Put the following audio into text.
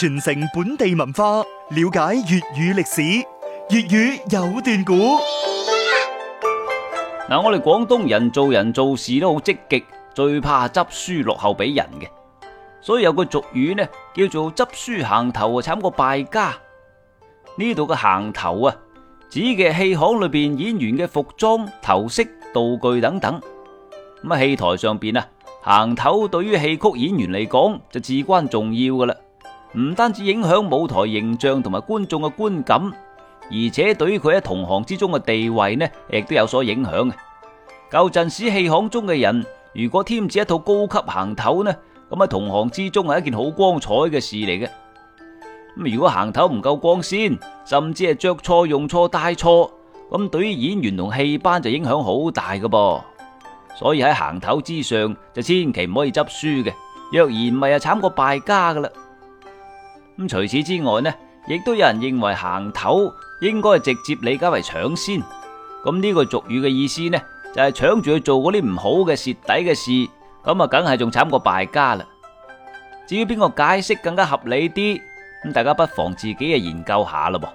傳承本地文化，了解粵語歷史，粵語有段古。嗱、 啊，我哋廣東人做人做事都好積極，最怕執輸落後俾人嘅，所以有個俗語呢叫做執輸行頭啊，慘過敗家。呢度嘅行頭啊，指嘅戲行裏邊演員嘅服裝、頭飾、道具等等。咁、嗯、啊，戲台上邊啊，行頭對於戲曲演員嚟講就至關重要㗎喇。唔單止影響舞台形象同埋觀眾嘅觀感，而且對於佢喺同行之中嘅地位呢，亦都有所影響嘅。舊陣時戲行中嘅人，如果添置一套高級行頭呢，咁喺同行之中係一件好光彩嘅事嚟嘅。咁如果行頭唔夠光鮮，甚至係着錯用錯帶錯，咁對於演員同戲班就影響好大嘅噃。所以喺行頭之上就千祈唔可以執輸嘅，若然唔係啊，慘過敗家噶啦。咁除此之外呢，亦都有人認為行頭應該直接理解為搶先。咁呢個俗語嘅意思呢，就係搶住去做嗰啲唔好嘅蝕底嘅事，咁啊，梗係仲慘過敗家啦。至於邊個解釋更加合理啲，咁大家不妨自己啊研究下啦噃。